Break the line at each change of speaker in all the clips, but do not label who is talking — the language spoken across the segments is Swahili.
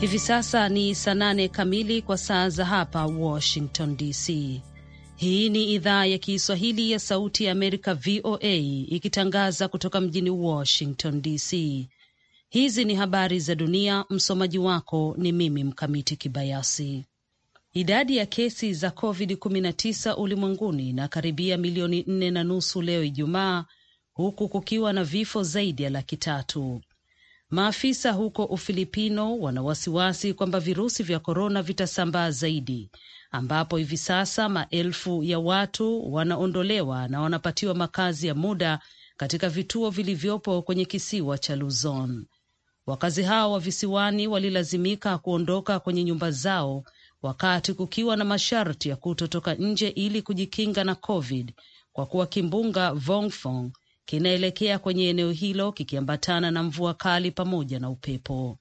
Hivi sasa ni saa nane kamili kwa saa za hapa Washington DC. Hii ni idhaa ya Kiswahili ya Sauti ya Amerika, VOA, ikitangaza kutoka mjini Washington DC. Hizi ni habari za dunia. Msomaji wako ni mimi Mkamiti Kibayasi. Idadi ya kesi za COVID-19 ulimwenguni inakaribia milioni nne na nusu leo Ijumaa, huku kukiwa na vifo zaidi ya laki tatu. Maafisa huko Ufilipino wana wasiwasi kwamba virusi vya korona vitasambaa zaidi, ambapo hivi sasa maelfu ya watu wanaondolewa na wanapatiwa makazi ya muda katika vituo vilivyopo kwenye kisiwa cha Luzon. Wakazi hao wa visiwani walilazimika kuondoka kwenye nyumba zao wakati kukiwa na masharti ya kutotoka nje ili kujikinga na COVID kwa kuwa kimbunga Vongfong kinaelekea kwenye eneo hilo kikiambatana na mvua kali pamoja na upepo.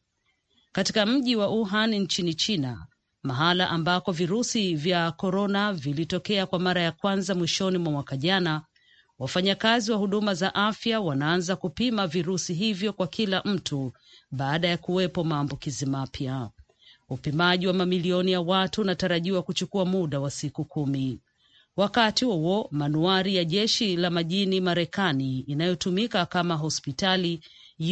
Katika mji wa Wuhan nchini China, mahala ambako virusi vya korona vilitokea kwa mara ya kwanza mwishoni mwa mwaka jana, wafanyakazi wa huduma za afya wanaanza kupima virusi hivyo kwa kila mtu baada ya kuwepo maambukizi mapya. Upimaji wa mamilioni ya watu unatarajiwa kuchukua muda wa siku kumi. Wakati huo manuari ya jeshi la majini Marekani inayotumika kama hospitali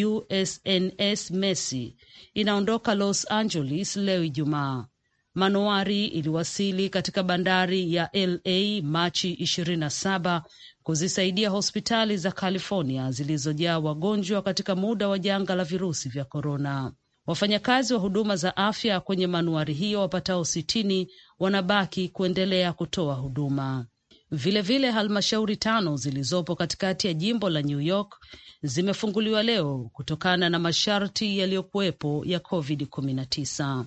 USNS Messi inaondoka Los Angeles leo Ijumaa. Manuari iliwasili katika bandari ya LA Machi 27 kuzisaidia hospitali za California zilizojaa wagonjwa katika muda wa janga la virusi vya korona. Wafanyakazi wa huduma za afya kwenye manuari hiyo wapatao sitini wanabaki kuendelea kutoa huduma. Vilevile, halmashauri tano zilizopo katikati ya jimbo la New York zimefunguliwa leo kutokana na masharti yaliyokuwepo ya COVID-19.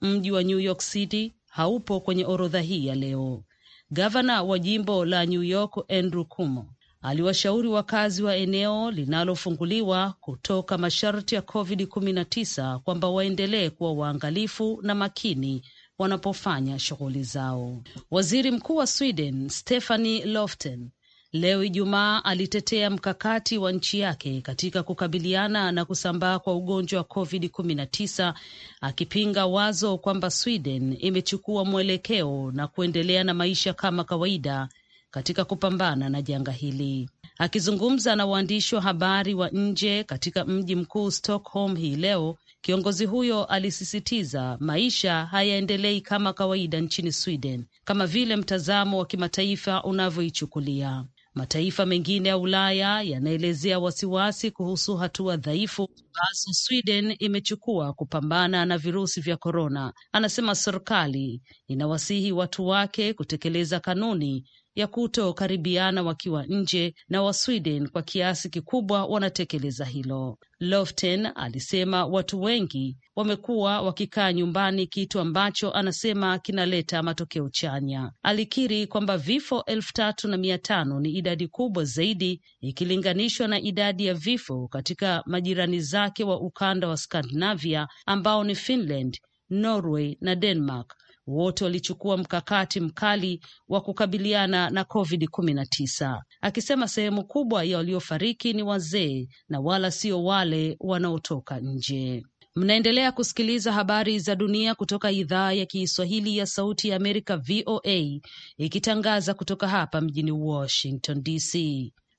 Mji wa New York City haupo kwenye orodha hii ya leo. Gavana wa jimbo la New York Andrew Cuomo aliwashauri wakazi wa eneo linalofunguliwa kutoka masharti ya COVID-19 kwamba waendelee kuwa waangalifu na makini wanapofanya shughuli zao. Waziri Mkuu wa Sweden Stefani Lofven leo Ijumaa alitetea mkakati wa nchi yake katika kukabiliana na kusambaa kwa ugonjwa wa COVID-19 akipinga wazo kwamba Sweden imechukua mwelekeo na kuendelea na maisha kama kawaida katika kupambana na janga hili. Akizungumza na waandishi wa habari wa nje katika mji mkuu Stockholm hii leo, kiongozi huyo alisisitiza maisha hayaendelei kama kawaida nchini Sweden kama vile mtazamo wa kimataifa unavyoichukulia. Mataifa mengine ya Ulaya yanaelezea wasiwasi kuhusu hatua dhaifu ambazo Sweden imechukua kupambana na virusi vya korona. Anasema serikali inawasihi watu wake kutekeleza kanuni ya kutokaribiana wakiwa nje, na Wasweden kwa kiasi kikubwa wanatekeleza hilo. Loften alisema watu wengi wamekuwa wakikaa nyumbani, kitu ambacho anasema kinaleta matokeo chanya. Alikiri kwamba vifo elfu tatu na mia tano ni idadi kubwa zaidi ikilinganishwa na idadi ya vifo katika majirani zake wa ukanda wa Skandinavia ambao ni Finland, Norway na Denmark wote walichukua mkakati mkali wa kukabiliana na COVID-19, akisema sehemu kubwa ya waliofariki ni wazee na wala sio wale wanaotoka nje. Mnaendelea kusikiliza habari za dunia kutoka idhaa ya Kiswahili ya Sauti ya Amerika, VOA, ikitangaza kutoka hapa mjini Washington DC.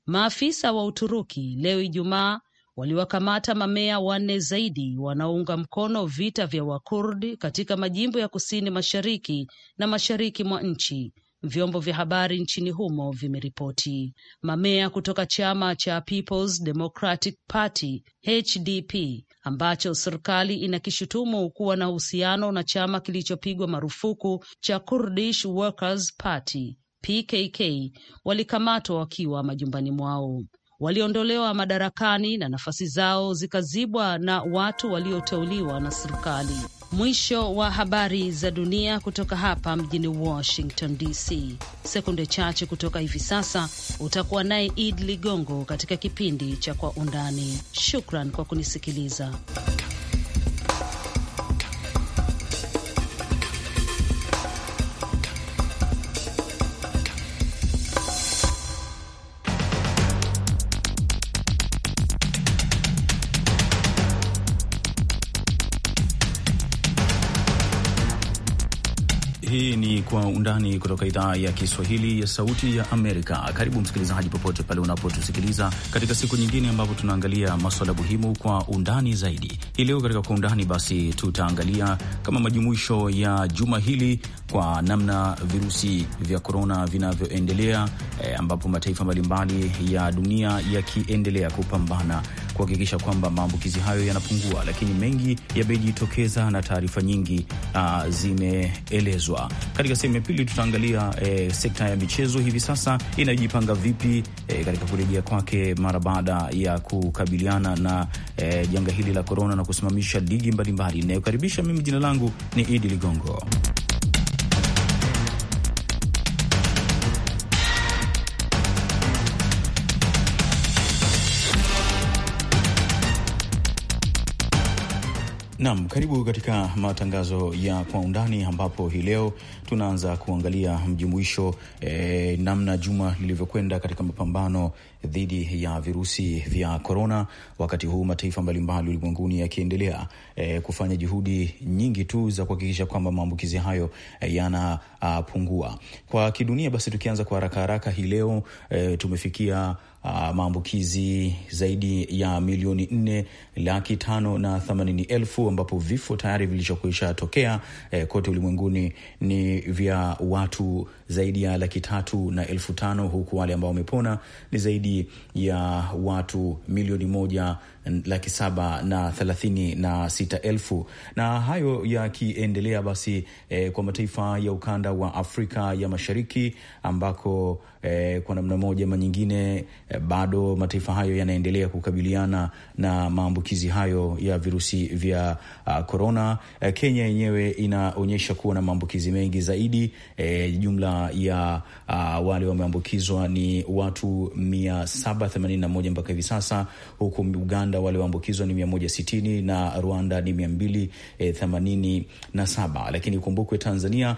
Maafisa wa Uturuki leo Ijumaa waliwakamata mamea wanne zaidi wanaounga mkono vita vya Wakurdi katika majimbo ya kusini mashariki na mashariki mwa nchi. Vyombo vya habari nchini humo vimeripoti mamea kutoka chama cha Peoples Democratic Party HDP ambacho serikali inakishutumu kuwa na uhusiano na chama kilichopigwa marufuku cha Kurdish Workers Party PKK walikamatwa wakiwa majumbani mwao waliondolewa madarakani na nafasi zao zikazibwa na watu walioteuliwa na serikali. Mwisho wa habari za dunia kutoka hapa mjini Washington DC. Sekunde chache kutoka hivi sasa utakuwa naye Id Ligongo katika kipindi cha Kwa Undani. Shukran kwa kunisikiliza.
undani kutoka idhaa ya Kiswahili ya Sauti ya Amerika. Karibu msikilizaji, popote pale unapotusikiliza katika siku nyingine ambapo tunaangalia maswala muhimu kwa undani zaidi. Hii leo katika kwa undani, basi tutaangalia kama majumuisho ya juma hili kwa namna virusi vya korona vinavyoendelea, e, ambapo mataifa mbalimbali ya dunia yakiendelea kupambana kuhakikisha kwamba maambukizi hayo yanapungua, lakini mengi yamejitokeza na taarifa nyingi uh, zimeelezwa. Katika sehemu ya pili tutaangalia eh, sekta ya michezo hivi sasa inayojipanga vipi eh, katika kurejea kwake mara baada ya kukabiliana na eh, janga hili la korona na kusimamisha ligi mbalimbali inayokaribisha. Mimi jina langu ni Idi Ligongo. Naam, karibu katika matangazo ya kwa undani ambapo hii leo tunaanza kuangalia mjumuisho eh, namna juma lilivyokwenda katika mapambano dhidi ya virusi vya korona, wakati huu mataifa mbalimbali ulimwenguni yakiendelea eh, kufanya juhudi nyingi tu za kuhakikisha kwamba maambukizi hayo eh, yanapungua. Uh, kwa kidunia basi, tukianza kwa haraka haraka hii leo eh, tumefikia uh, maambukizi zaidi ya milioni nne laki tano na themanini elfu ambapo vifo tayari vilishakuisha tokea eh, kote ulimwenguni ni vya watu zaidi ya laki tatu na elfu tano huku wale ambao wamepona ni zaidi ya watu milioni moja laki saba na thelathini na sita elfu na hayo yakiendelea basi e, kwa mataifa ya ukanda wa Afrika ya Mashariki ambako e, kwa namna moja ama nyingine e, bado mataifa hayo yanaendelea kukabiliana na maambukizi hayo ya virusi vya korona. Ah, e, Kenya yenyewe inaonyesha kuwa na maambukizi mengi zaidi E, jumla ya a, ah, wale wameambukizwa ni watu mia saba themanini na moja mpaka hivi sasa huku Uganda Uganda walioambukizwa ni 160 na Rwanda ni 287, eh, lakini ikumbukwe Tanzania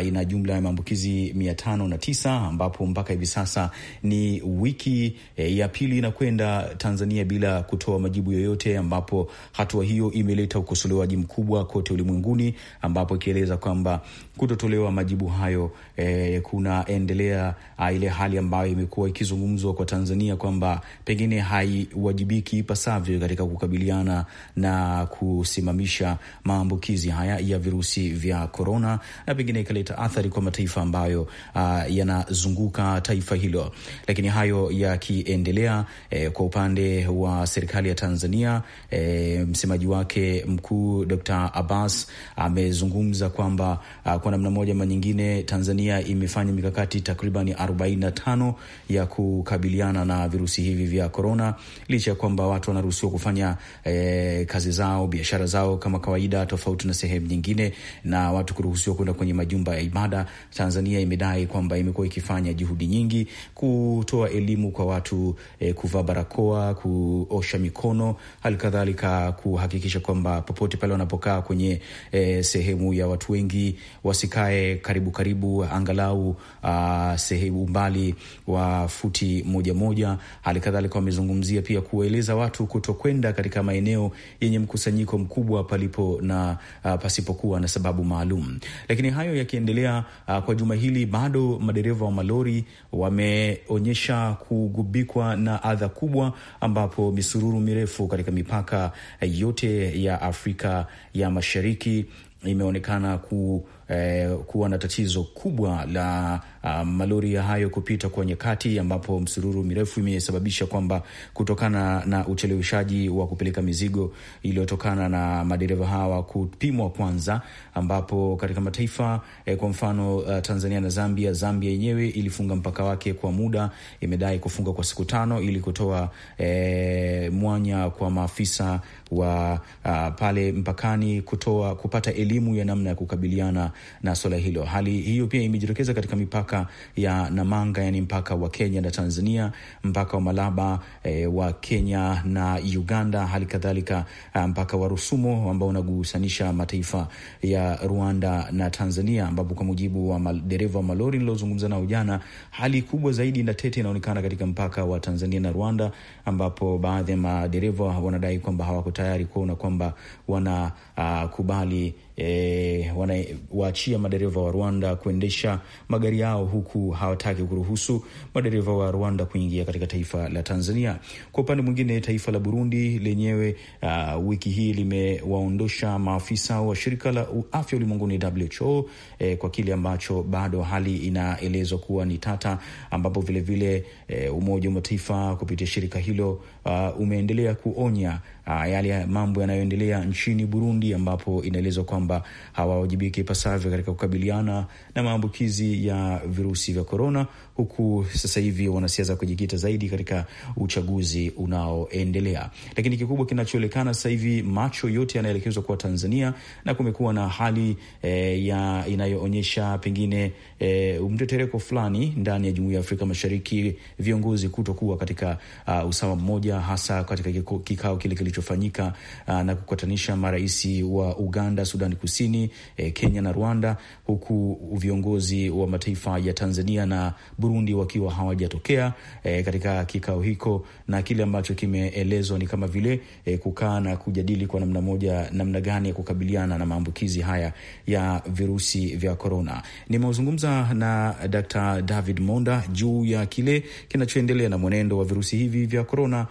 uh, ina jumla ya maambukizi 509 ambapo mpaka hivi sasa ni wiki eh, ya pili inakwenda Tanzania bila kutoa majibu yoyote, ambapo hatua hiyo imeleta ukosolewaji mkubwa kote ulimwenguni, ambapo ikieleza kwamba kutotolewa majibu hayo e, kunaendelea ah, ile hali ambayo imekuwa ikizungumzwa kwa Tanzania kwamba pengine haiwajibiki pas ipasavyo katika kukabiliana na kusimamisha maambukizi haya ya virusi vya korona, na pengine ikaleta athari kwa mataifa ambayo uh, yanazunguka taifa hilo. Lakini hayo yakiendelea, eh, kwa upande wa serikali ya Tanzania, eh, msemaji wake mkuu Dr. Abbas amezungumza kwamba uh, kwa namna moja ama nyingine Tanzania imefanya mikakati takriban 45 ya kukabiliana na virusi hivi vya korona licha ya kwamba watu wanaruhusiwa kufanya e, kazi zao, biashara zao kama kawaida, tofauti na sehemu nyingine, na watu kuruhusiwa kwenda kwenye majumba ya ibada. Tanzania imedai kwamba imekuwa ikifanya juhudi nyingi kutoa elimu kwa watu e, kuvaa barakoa, kuosha mikono, hali kadhalika kuhakikisha kwamba popote pale wanapokaa kwenye e, sehemu ya watu wengi wasikae karibu karibu, angalau a, ah, sehemu umbali wa futi moja moja. Hali kadhalika wamezungumzia pia kueleza watu kutokwenda katika maeneo yenye mkusanyiko mkubwa palipo na uh, pasipokuwa na sababu maalum. Lakini hayo yakiendelea, uh, kwa juma hili bado madereva wa malori wameonyesha kugubikwa na adha kubwa, ambapo misururu mirefu katika mipaka yote ya Afrika ya Mashariki imeonekana ku, eh, kuwa na tatizo kubwa la um, malori hayo kupita kwa nyakati, ambapo msururu mirefu imesababisha kwamba kutokana na ucheleweshaji wa kupeleka mizigo iliyotokana na madereva hawa kupimwa kwanza, ambapo katika mataifa eh, kwa mfano uh, Tanzania na Zambia, Zambia yenyewe ilifunga mpaka wake kwa muda, imedai kufunga kwa siku tano ili kutoa eh, mwanya kwa maafisa wa uh, pale mpakani kutoa kupata elimu ya namna ya kukabiliana na swala hilo. Hali hiyo pia imejitokeza katika mipaka mipaka ya Namanga, yani mpaka wa Kenya na Tanzania, mpaka wa Malaba e, wa Kenya na Uganda, hali kadhalika ah, mpaka wa Rusumo ambao unagusanisha mataifa ya Rwanda na Tanzania, ambapo kwa mujibu wa dereva wa malori nilozungumza nao jana, hali kubwa zaidi na tete inaonekana katika mpaka wa Tanzania na Rwanda, ambapo baadhi ya madereva wanadai kwamba hawako tayari kuona kwamba wanakubali ah, uh, e, wanawaachia madereva wa Rwanda kuendesha magari yao, huku hawataki kuruhusu madereva wa Rwanda kuingia katika taifa la Tanzania. Kwa upande mwingine, taifa la Burundi lenyewe uh, wiki hii limewaondosha maafisa wa shirika la afya ulimwenguni WHO, e, kwa kile ambacho bado hali inaelezwa kuwa ni tata, ambapo vilevile vile, e, Umoja wa Mataifa kupitia shirika hilo uh, umeendelea kuonya uh, yale mambo yanayoendelea nchini Burundi ambapo inaelezwa kwamba kwamba hawawajibiki ipasavyo katika kukabiliana na maambukizi ya virusi vya korona, huku sasa hivi wanasiasa kujikita zaidi katika uchaguzi unaoendelea. Lakini kikubwa kinachoonekana sasa hivi, macho yote yanaelekezwa kwa Tanzania na kumekuwa na hali e, ya inayoonyesha pengine e, mtetereko fulani ndani ya jumuiya ya Afrika Mashariki, viongozi kutokuwa katika uh, usawa mmoja, hasa katika kikao kile kilichofanyika uh, na kukutanisha marais wa Uganda, Sudan Kusini, e, Kenya na Rwanda, huku viongozi wa mataifa ya Tanzania na Burundi wakiwa hawajatokea e, katika kikao hiko, na kile ambacho kimeelezwa ni kama vile e, kukaa na kujadili kwa namna moja, namna gani ya kukabiliana na maambukizi haya ya virusi vya korona. Nimeuzungumza na Dr. David Monda juu ya kile kinachoendelea na mwenendo wa virusi hivi vya korona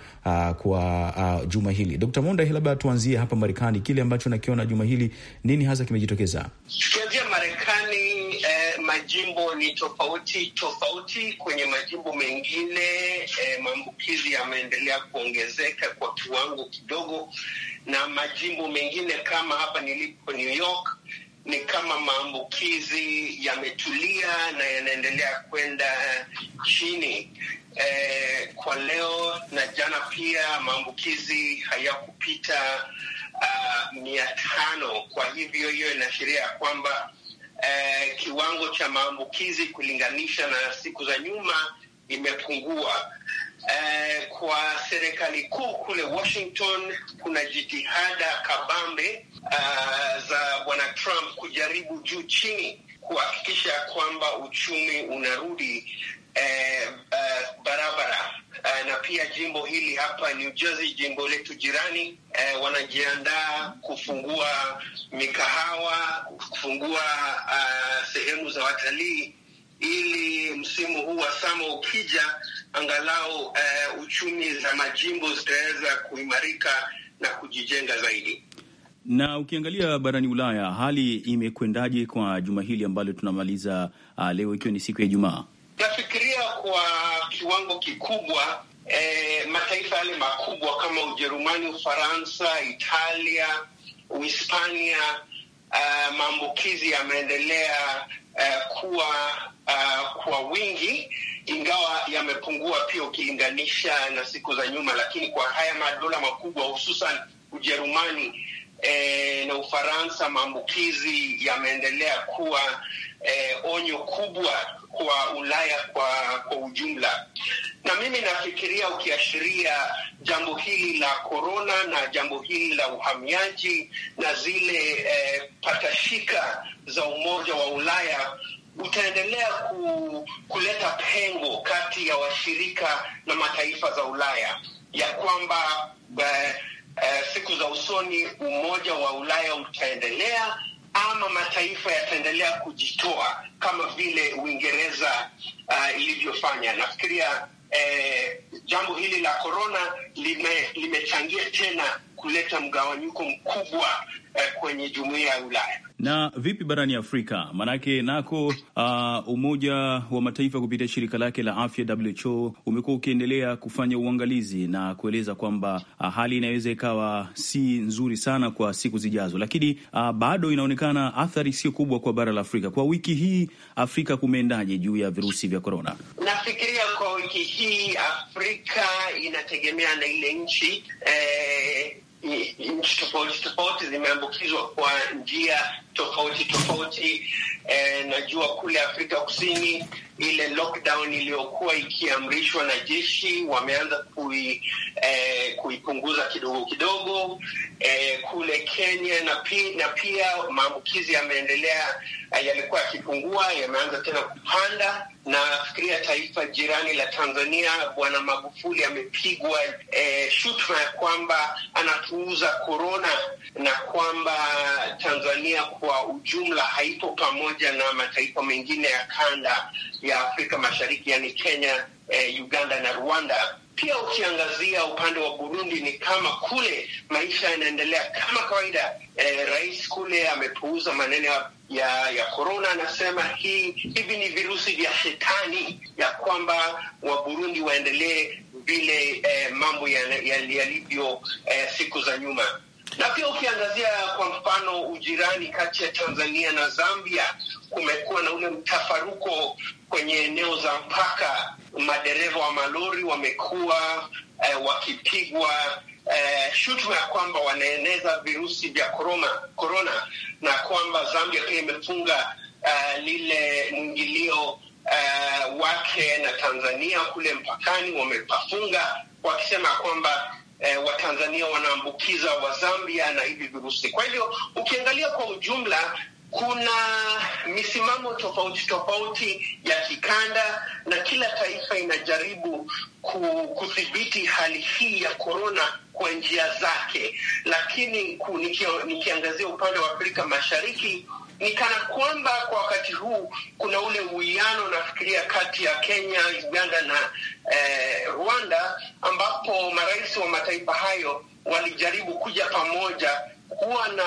kwa a, juma hili. Dr. Monda, labda tuanzie hapa Marekani, kile ambacho nakiona juma hili, nini hasa kimejitokeza?
Tukianzia Marekani eh majimbo ni tofauti tofauti. Kwenye majimbo mengine eh, maambukizi yameendelea kuongezeka kwa kiwango kidogo, na majimbo mengine kama hapa nilipo New York ni kama maambukizi yametulia na yanaendelea kwenda chini. Eh, kwa leo na jana pia maambukizi hayakupita uh, mia tano. Kwa hivyo hiyo inaashiria ya kwamba eh, kiwango cha maambukizi kulinganisha na siku za nyuma imepungua. Eh, kwa serikali kuu kule Washington kuna jitihada kabambe uh, za bwana Trump kujaribu juu chini kuhakikisha kwamba uchumi unarudi eh, eh, barabara eh, na pia jimbo hili hapa New Jersey, jimbo letu jirani eh, wanajiandaa kufungua mikahawa, kufungua uh, sehemu za watalii ili msimu huu wa sama ukija angalau uh, uchumi za majimbo zitaweza kuimarika na kujijenga zaidi.
Na ukiangalia barani Ulaya, hali imekwendaje kwa juma hili ambalo tunamaliza uh, leo ikiwa ni siku ya Ijumaa? Nafikiria kwa kiwango kikubwa
eh, mataifa yale makubwa kama Ujerumani, Ufaransa, Italia, Uhispania, uh, maambukizi yameendelea uh, kuwa uh, kwa wingi ingawa yamepungua pia ukilinganisha na siku za nyuma, lakini kwa haya madola makubwa hususan Ujerumani eh, na Ufaransa, maambukizi yameendelea kuwa eh, onyo kubwa kwa Ulaya kwa, kwa ujumla. Na mimi nafikiria ukiashiria jambo hili la korona na jambo hili la uhamiaji na zile eh, patashika za Umoja wa Ulaya utaendelea ku, kuleta pengo kati ya washirika na mataifa za Ulaya ya kwamba eh, eh, siku za usoni Umoja wa Ulaya utaendelea ama mataifa yataendelea kujitoa kama vile Uingereza uh, ilivyofanya. Nafikiria eh, jambo hili la korona limechangia lime tena kuleta mgawanyiko mkubwa eh, kwenye jumuiya ya Ulaya.
Na vipi barani Afrika? Maanake nako uh, Umoja wa Mataifa kupitia shirika lake la afya WHO umekuwa ukiendelea kufanya uangalizi na kueleza kwamba uh, hali inaweza ikawa si nzuri sana kwa siku zijazo, lakini uh, bado inaonekana athari sio kubwa kwa bara la Afrika. Kwa wiki hii Afrika kumeendaje juu ya virusi vya korona?
Nafikiria kwa wiki hii Afrika inategemea na ile nchi eh, nchi tofauti tofauti zimeambukizwa kwa njia tofauti tofauti. E, najua kule Afrika Kusini ile lockdown iliyokuwa ikiamrishwa na jeshi wameanza kui, e, kuipunguza kidogo kidogo. E, kule Kenya na, pi, na pia maambukizi yameendelea, yalikuwa yakipungua, yameanza tena kupanda. Nafikiria taifa jirani la Tanzania, Bwana Magufuli amepigwa e, shutuma ya kwamba anatuuza korona na kwamba Tanzania kwa ujumla haipo pamoja na mataifa mengine ya kanda ya Afrika Mashariki, yaani Kenya, e, Uganda na Rwanda pia ukiangazia upande wa Burundi ni kama kule maisha yanaendelea kama kawaida. E, rais kule amepuuza maneno ya ya korona, anasema hii hivi ni virusi vya shetani, ya kwamba Waburundi waendelee vile e, mambo yalivyo ya, ya e, siku za nyuma na pia ukiangazia kwa mfano ujirani kati ya Tanzania na Zambia, kumekuwa na ule mtafaruko kwenye eneo za mpaka. Madereva wa malori wamekuwa eh, wakipigwa eh, shutuma ya kwamba wanaeneza virusi vya korona, na kwamba Zambia pia imefunga eh, lile mwingilio eh, wake na Tanzania kule mpakani, wamepafunga wakisema kwamba eh, Watanzania wanaambukiza wa zambia na hivi virusi. Kwa hivyo ukiangalia kwa ujumla kuna misimamo tofauti tofauti ya kikanda na kila taifa inajaribu kudhibiti hali hii ya korona kwa njia zake, lakini nikiangazia upande wa Afrika Mashariki ni kana kwamba kwa wakati huu kuna ule uwiano unafikiria kati ya Kenya, Uganda na eh, Rwanda, ambapo marais wa mataifa hayo walijaribu kuja pamoja kuwa na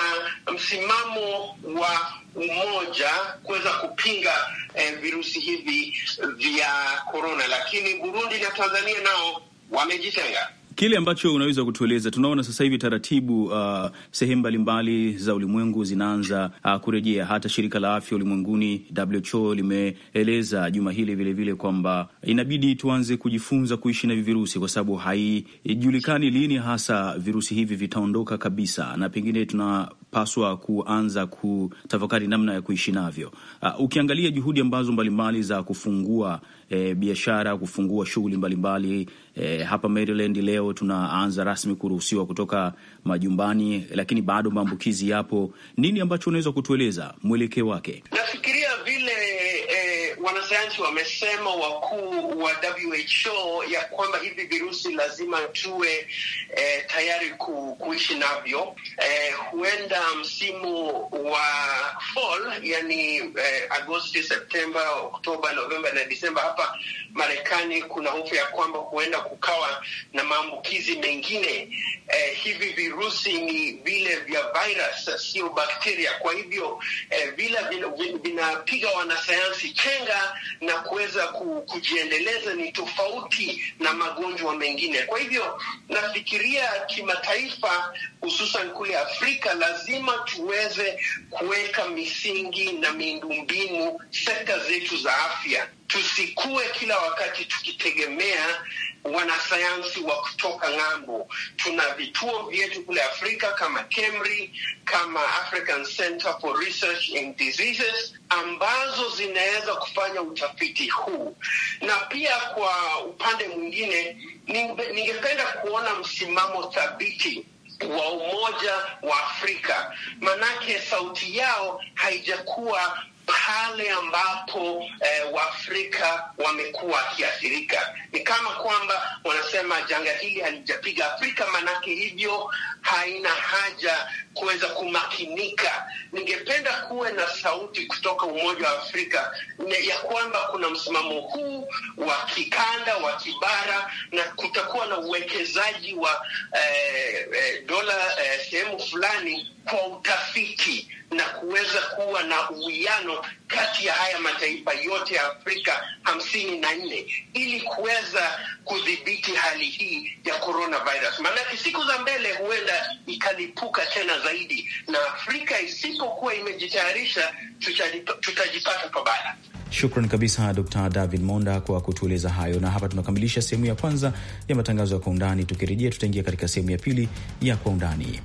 msimamo wa umoja kuweza kupinga eh, virusi hivi vya korona, lakini Burundi na Tanzania nao
wamejitenga.
Kile ambacho unaweza kutueleza, tunaona sasa hivi taratibu uh, sehemu mbalimbali za ulimwengu zinaanza uh, kurejea. Hata shirika la afya ulimwenguni WHO limeeleza juma hili vilevile kwamba inabidi tuanze kujifunza kuishi na virusi, kwa sababu haijulikani lini hasa virusi hivi vitaondoka kabisa, na pengine tuna tunapaswa kuanza kutafakari namna ya kuishi navyo. Uh, ukiangalia juhudi ambazo mbalimbali za kufungua eh, biashara kufungua shughuli mbalimbali eh, hapa Maryland leo tunaanza rasmi kuruhusiwa kutoka majumbani, lakini bado maambukizi yapo. Nini ambacho unaweza kutueleza mwelekeo wake?
Nafikiria wanasayansi wamesema wakuu wa WHO ya kwamba hivi virusi lazima tuwe eh, tayari ku, kuishi navyo eh, huenda msimu wa fall yani eh, Agosti, Septemba, Oktoba, Novemba na Disemba hapa Marekani kuna hofu ya kwamba huenda kukawa na maambukizi mengine. Eh, hivi virusi ni vile vya virus, sio bakteria. Kwa hivyo eh, vila vinapiga wanasayansi chenga na kuweza kujiendeleza ni tofauti na magonjwa mengine. Kwa hivyo nafikiria kimataifa, hususan kule Afrika, lazima tuweze kuweka misingi na miundombinu sekta zetu za afya, tusikue kila wakati tukitegemea wanasayansi wa kutoka ng'ambo. Tuna vituo vyetu kule Afrika kama KEMRI, kama African Center for Research in Diseases ambazo zinaweza kufanya utafiti huu, na pia kwa upande mwingine, ningependa kuona msimamo thabiti wa Umoja wa Afrika, manake sauti yao haijakuwa pale ambapo eh, Waafrika wamekuwa wakiathirika. Ni kama kwamba wanasema janga hili halijapiga Afrika, manake hivyo haina haja kuweza kumakinika. Ningependa kuwe na sauti kutoka Umoja wa Afrika ya kwamba kuna msimamo huu wa kikanda wa kibara, na kutakuwa na uwekezaji wa eh, eh, dola eh, sehemu fulani kwa utafiti na kuweza kuwa na uwiano kati ya haya mataifa yote ya Afrika hamsini na nne ili kuweza kudhibiti hali hii ya coronavirus, maanake siku za mbele huenda ikalipuka tena zaidi, na Afrika isipokuwa imejitayarisha tutajipata pabaya.
Shukran kabisa Dr David Monda kwa kutueleza hayo, na hapa tunakamilisha sehemu ya kwanza ya matangazo ya Kwa Undani. Tukirejea tutaingia katika sehemu ya pili ya Kwa Undani.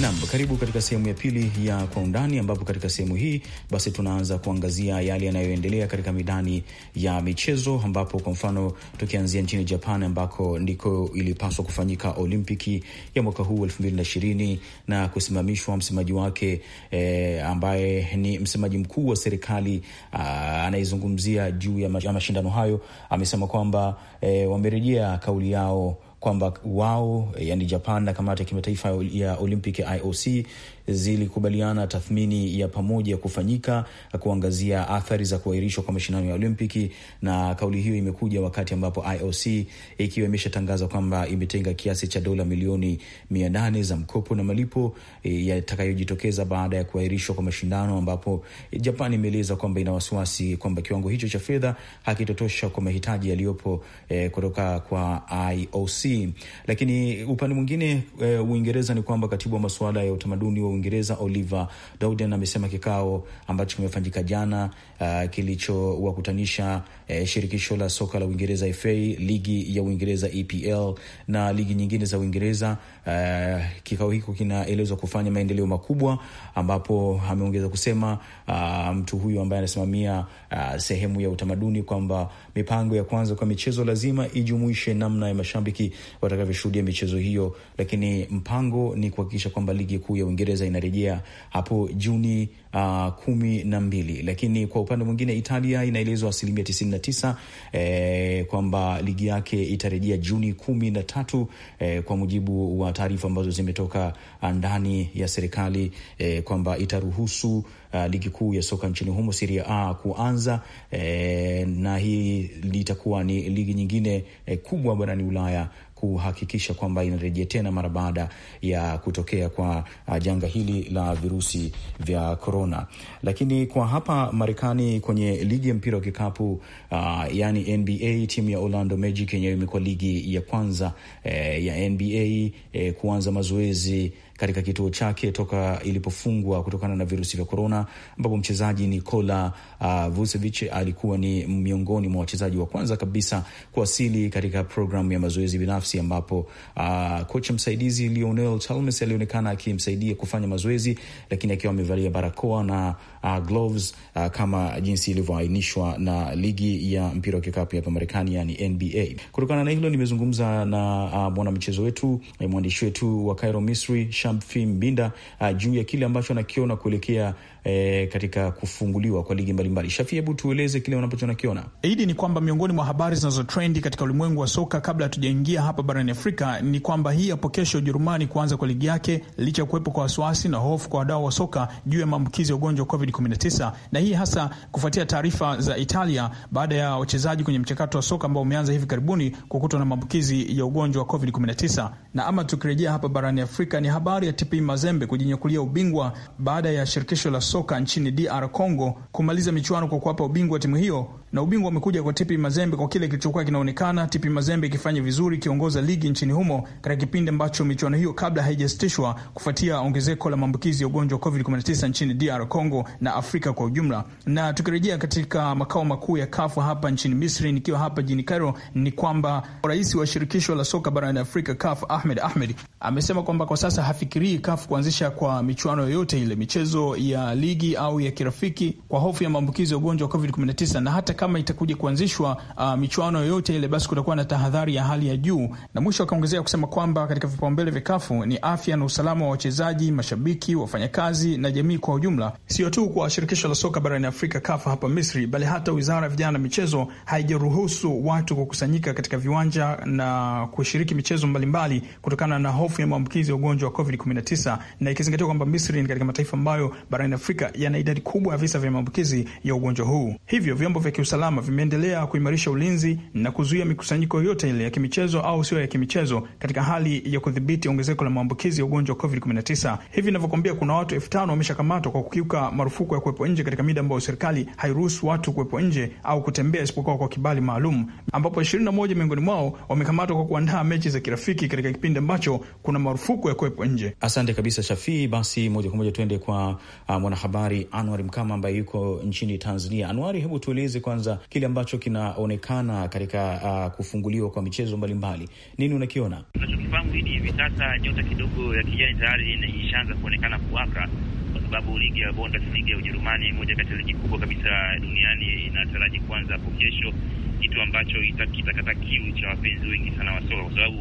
Nam, karibu katika sehemu ya pili ya Kwa Undani, ambapo katika sehemu hii basi tunaanza kuangazia yale yanayoendelea katika midani ya michezo, ambapo kwa mfano tukianzia nchini Japan ambako ndiko ilipaswa kufanyika Olimpiki ya mwaka huu elfu mbili na ishirini na kusimamishwa msemaji wake e, ambaye ni msemaji mkuu wa serikali ah, anayezungumzia juu ya mashindano hayo amesema kwamba e, wamerejea kauli yao kwamba wao yani Japan na kamati ya kimataifa ya Olimpiki IOC zilikubaliana tathmini ya pamoja kufanyika kuangazia athari za kuahirishwa kwa mashindano ya Olimpiki, na kauli hiyo imekuja wakati ambapo IOC ikiwa imeshatangaza kwamba imetenga kiasi cha dola milioni mia nane za mkopo na malipo e, yatakayojitokeza baada ya kuahirishwa kwa mashindano, ambapo Japan imeeleza kwamba ina wasiwasi kwamba kiwango hicho cha fedha hakitotosha kwa mahitaji yaliyopo e, kutoka kwa IOC. Lakini upande mwingine e, Uingereza ni kwamba katibu wa masuala ya utamaduni wa Uingereza Oliver Dowden amesema kikao ambacho kimefanyika jana uh, kilichowakutanisha uh, shirikisho la soka la Uingereza FA, ligi ya Uingereza EPL na ligi nyingine za Uingereza. Uh, kikao hiko kinaelezwa kufanya maendeleo makubwa, ambapo ameongeza kusema uh, mtu huyu ambaye anasimamia uh, sehemu ya utamaduni kwamba mipango ya kwanza kwa michezo lazima ijumuishe namna ya mashabiki watakavyoshuhudia michezo hiyo, lakini mpango ni kuhakikisha kwamba ligi kuu ya Uingereza inarejea hapo Juni uh, kumi na mbili, lakini kwa upande mwingine Italia inaelezwa asilimia tisini na tisa eh, kwamba ligi yake itarejea Juni kumi na tatu eh, kwa mujibu wa taarifa ambazo zimetoka uh, ndani ya serikali eh, kwamba itaruhusu uh, ligi kuu ya soka nchini humo Serie A kuanza eh, na hii litakuwa ni ligi nyingine eh, kubwa barani Ulaya kuhakikisha kwamba inarejea tena mara baada ya kutokea kwa uh, janga hili la virusi vya korona. Lakini kwa hapa Marekani kwenye ligi ya mpira wa kikapu uh, yani NBA, timu ya Orlando Magic yenyewe imekuwa ligi ya kwanza eh, ya NBA eh, kuanza mazoezi katika kituo chake toka ilipofungwa kutokana na virusi vya korona, ambapo mchezaji Nikola uh, Vucevic alikuwa ni miongoni mwa wachezaji wa kwanza kabisa kuwasili katika programu ya mazoezi binafsi, ambapo uh, kocha msaidizi Lionel Chalmers alionekana akimsaidia kufanya mazoezi, lakini akiwa amevalia barakoa na uh, gloves uh, kama jinsi ilivyoainishwa na ligi ya mpira wa kikapu hapa Marekani, yani NBA. Kutokana na hilo, nimezungumza na uh, wetu eh, mwandishi wetu wa Cairo, Misri, Shamfi Mbinda uh, juu ya kile ambacho anakiona kuelekea e, katika kufunguliwa kwa ligi mbalimbali. Shafi, hebu tueleze kile unachokiona.
Idi, ni kwamba miongoni mwa habari zinazotrendi katika ulimwengu wa soka kabla hatujaingia hapa barani Afrika ni kwamba hii hapo kesho Ujerumani kuanza kwa ligi yake licha ya kuwepo kwa wasiwasi na hofu kwa wadau wa soka juu ya maambukizi ya ugonjwa wa COVID-19, na hii hasa kufuatia taarifa za Italia baada ya wachezaji kwenye mchakato wa soka ambao umeanza hivi karibuni kukutwa na maambukizi ya ugonjwa wa COVID-19. Na ama tukirejea hapa barani Afrika ni habari ya TP Mazembe kujinyakulia ubingwa baada ya shirikisho la soka soka nchini DR Congo kumaliza michuano kwa kuwapa ubingwa timu hiyo na ubingwa umekuja kwa Tipi Mazembe kwa kile kilichokuwa kinaonekana Tipi Mazembe ikifanya vizuri, ikiongoza ligi nchini humo katika kipindi ambacho michuano hiyo kabla haijasitishwa kufuatia ongezeko la maambukizi ya ugonjwa wa COVID-19 nchini DR Congo na Afrika kwa ujumla. Na tukirejea katika makao makuu ya kafu hapa nchini Misri, nikiwa hapa jini Cairo, ni kwamba rais wa shirikisho la soka barani Afrika CAF Ahmed Ahmed amesema kwamba kwa sasa hafikirii CAF kuanzisha kwa michuano yoyote ile, michezo ya ligi au ya kirafiki, kwa hofu ya maambukizi ya ugonjwa wa COVID-19 na hata kama itakuja kuanzishwa uh, michuano yoyote ile, basi kutakuwa na tahadhari ya hali ya juu. Na mwisho akaongezea kusema kwamba katika vipaumbele vya kafu ni afya na usalama wa wachezaji, mashabiki, wafanyakazi na jamii kwa ujumla, sio tu kwa shirikisho la soka barani Afrika kafu hapa Misri, bali hata wizara ya vijana na michezo haijaruhusu watu kukusanyika katika viwanja na kushiriki michezo mbalimbali kutokana na hofu ya maambukizi ya ugonjwa wa COVID-19 na ikizingatiwa kwamba Misri ni katika mataifa ambayo barani Afrika yana idadi kubwa ya visa vya maambukizi ya ugonjwa huu, hivyo vyombo vya usalama vimeendelea kuimarisha ulinzi na kuzuia mikusanyiko yote ile ya kimichezo au sio ya kimichezo katika hali ya kudhibiti ongezeko la maambukizi ya ugonjwa wa COVID-19. Hivi inavyokwambia, kuna watu elfu tano wameshakamatwa kwa kukiuka marufuku ya kuwepo nje katika mida ambayo serikali hairuhusu watu kuwepo nje au kutembea isipokuwa kwa kibali maalum, ambapo 21 miongoni mwao wamekamatwa kwa kuandaa mechi za kirafiki katika kipindi ambacho kuna marufuku ya kuwepo nje. Asante kabisa Shafii. Basi moja kwa moja tuende kwa uh, mwanahabari Anwar Mkama ambaye
yuko nchini Tanzania. Anwari, hebu tueleze kwa kwanza kile ambacho kinaonekana katika uh, kufunguliwa kwa michezo mbalimbali, nini unakiona?
Tunachokifahamu hidi hivi sasa, nyota kidogo ya kijani tayari ishaanza kuonekana kuwaka kwa sababu ligi ya Bundesliga ya Ujerumani, moja kati ya ligi kubwa kabisa duniani, inataraji kuanza hapo kesho, kitu ambacho kitakata kiu cha wapenzi wengi sana wa soka, kwa sababu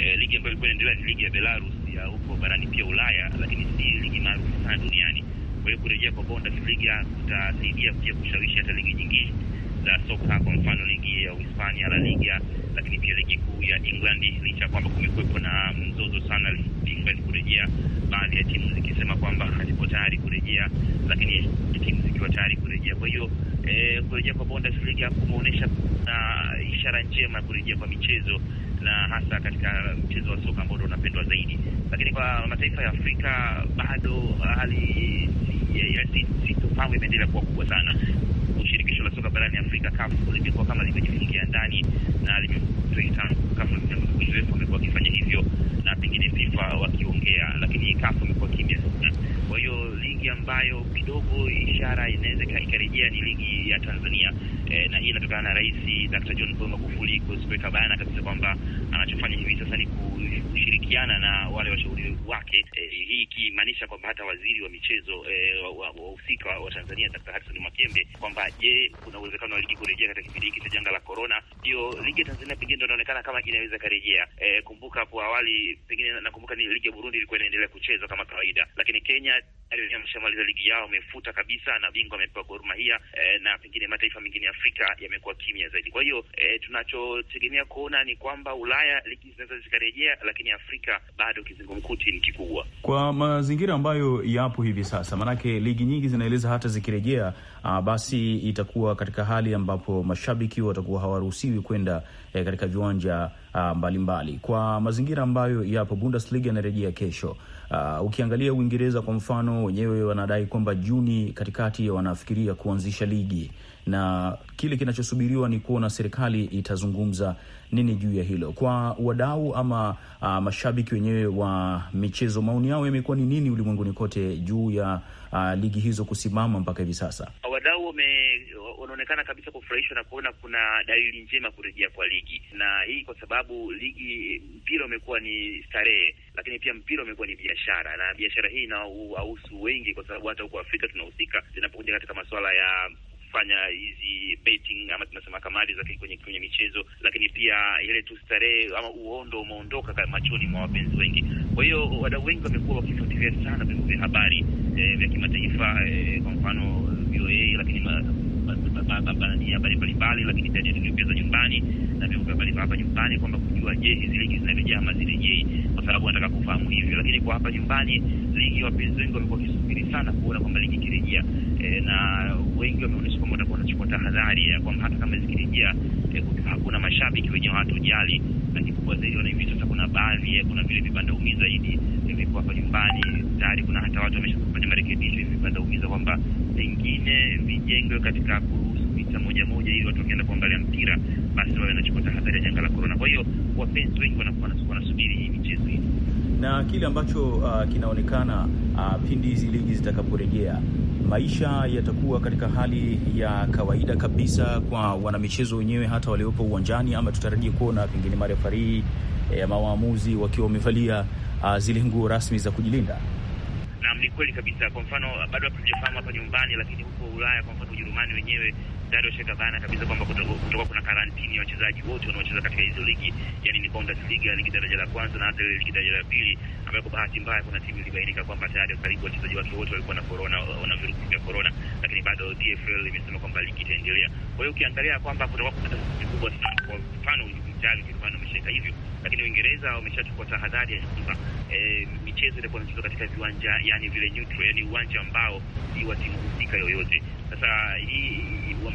eh, ligi ambayo ilikuwa inaendelea ni ligi ya Belarus ya huko barani pia Ulaya, lakini si ligi maarufu sana duniani. Kwa hiyo kurejea kwa Bondas kutasaidia pia kushawishi hata ligi nyingine za soka, kwa mfano ligi ya Uhispania La Liga, lakini pia ligi kuu ya England, licha ya kwamba kumekuwepo na mzozo sana England kurejea, baadhi ya timu zikisema kwamba haziko tayari kurejea, lakini timu zikiwa tayari kurejea. Kwa hiyo eh, kurejea kwa Bundesliga kumeonyesha na ah, ishara njema ya kurejea kwa michezo na hasa katika mchezo wa soka ambao ndio unapendwa zaidi, lakini kwa mataifa ya Afrika bado hali sitofahamu imeendelea kuwa kubwa sana. Shirikisho la soka barani Afrika CAF limekuwa kama limejifungia ndani na limewefu wamekuwa wakifanya hivyo, na pengine FIFA wakiongea, lakini CAF imekuwa kimya sana. Kwa hiyo ligi ambayo kidogo ishara inaweza ikarejea ni ligi ya Tanzania e, na hii inatokana na Rais Dr. John Pombe Magufuli kuweka bayana kabisa kwamba anachofanya hivi sasa ni kushirikiana na wale washauri wake, e, hii ikimaanisha kwamba hata waziri wa michezo e, eh, wahusika wa, wa, wa Tanzania Dr. Harrison Mwakyembe kwamba je, kuna uwezekano wa ligi kurejea katika kipindi hiki cha janga la corona? Hiyo ligi ya Tanzania pengine ndo inaonekana kama inaweza ikarejea. E, kumbuka hapo awali pengine nakumbuka ni ligi ya Burundi ilikuwa inaendelea kuchezwa kama kawaida, lakini Kenya ameshamaliza ligi yao, wamefuta kabisa na bingwa amepewa Gor Mahia, e, na pengine mataifa mengine ya Afrika yamekuwa kimya zaidi. Kwa hiyo e, tunachotegemea kuona ni kwamba Ulaya ligi zinaweza zikarejea, lakini Afrika bado kizungumkuti ni
kikubwa
kwa mazingira ambayo yapo hivi sasa, maanake ligi nyingi zinaeleza hata zikirejea, uh, basi itakuwa katika hali ambapo mashabiki watakuwa hawaruhusiwi kwenda eh, katika viwanja ah, mbalimbali uh, mbali. Kwa mazingira ambayo yapo Bundesliga inarejea kesho. Uh, ukiangalia Uingereza kwa mfano, wenyewe wanadai kwamba Juni katikati wanafikiria kuanzisha ligi na kile kinachosubiriwa ni kuona serikali itazungumza nini juu ya hilo. Kwa wadau ama a, ah, mashabiki wenyewe wa michezo, maoni yao yamekuwa ni nini ulimwenguni kote juu ya a, ah, ligi hizo kusimama mpaka hivi sasa?
Wadau wanaonekana kabisa kufurahishwa na kuona kuna dalili njema kurejea kwa ligi, na hii kwa sababu ligi, mpira umekuwa ni starehe, lakini pia mpira umekuwa ni biashara, na biashara hii inawahusu wengi, kwa sababu hata huko Afrika tunahusika zinapokuja katika masuala ya kufanya hizi betting ama tunasema kamari za kwenye kwenye michezo, lakini pia ile tu starehe ama uondo umeondoka machoni mwa wapenzi wengi. Kwa hiyo wadau wengi wamekuwa wakifuatilia sana vyombo vya habari e, vya kimataifa eh, kwa mfano VOA, lakini habari mbalimbali, lakini pia pia za nyumbani na vyombo vya habari hapa nyumbani, kwamba kujua je, hizi ligi zinarejea ama zirejei, kwa sababu wanataka kufahamu hivyo, lakini kwa hapa nyumbani wengi wapenzi wengi walikuwa wakisubiri sana kuona kwamba ligi ikirejea, e, na wengi wameonyesha kwamba watakuwa wanachukua tahadhari ya kwamba hata kama zikirejea e, hakuna mashabiki wenyewe hawatojali, na kikubwa zaidi wanaivi sasa, kuna baadhi, ya eh, kuna vile vibanda umi zaidi viko hapa nyumbani tayari, kuna hata watu kufanya marekebisho hivi vibanda umiza kwamba pengine vijengwe katika kuruhusu mita moja moja, ili watu wakienda kuangalia mpira basi wawe wanachukua tahadhari ya janga la korona. Kwa hiyo wapenzi wengi wanakuwa wanasubiri na kile ambacho
uh, kinaonekana uh, pindi hizi ligi zitakaporejea maisha yatakuwa katika hali ya kawaida kabisa kwa wanamichezo wenyewe, hata waliopo uwanjani, ama tutarajia kuona pengine marefarii e, eh, ama waamuzi wakiwa wamevalia uh, zile nguo rasmi za kujilinda.
Naam, ni kweli kabisa. Kwa mfano bado hatujafahamu hapa nyumbani, lakini huko Ulaya, kwa mfano Ujerumani wenyewe tayari washatangaza kabisa kwamba kutoka kuna karantini ya wachezaji wote wanaocheza katika hizo ligi, yani ni Bundesliga, ligi daraja la kwanza na hata ile ligi daraja la pili, ambayo kwa bahati mbaya kuna timu ilibainika kwamba tayari karibu wachezaji wake wote walikuwa na corona, wana virusi vya corona, lakini bado DFL imesema kwamba ligi itaendelea. Kwa hiyo ukiangalia kwamba kutakuwa kuna tatizo kubwa sana, kwa mfano Italia kwa mfano umeshika hivyo, lakini Uingereza wameshachukua tahadhari ya kwamba e, michezo itakuwa inachezwa katika viwanja yani vile neutral, yani uwanja ambao si wa timu husika yoyote. Sasa hii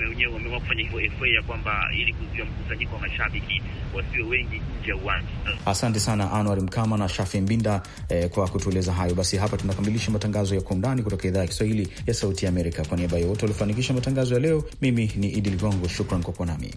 wenyewe wameamua kufanya hivyo FA ya kwamba ili kuzuia mkusanyiko wa mashabiki wasiwe wengi nje ya uwanja.
Asante sana Anwar Mkama na Shafi Mbinda eh, kwa kutueleza hayo. Basi hapa tunakamilisha matangazo ya Kwa Undani kutoka idhaa ya Kiswahili ya Sauti ya Amerika. Kwa niaba ya wote waliofanikisha matangazo ya leo, mimi ni Idi Ligongo, shukran kwa kuwa nami.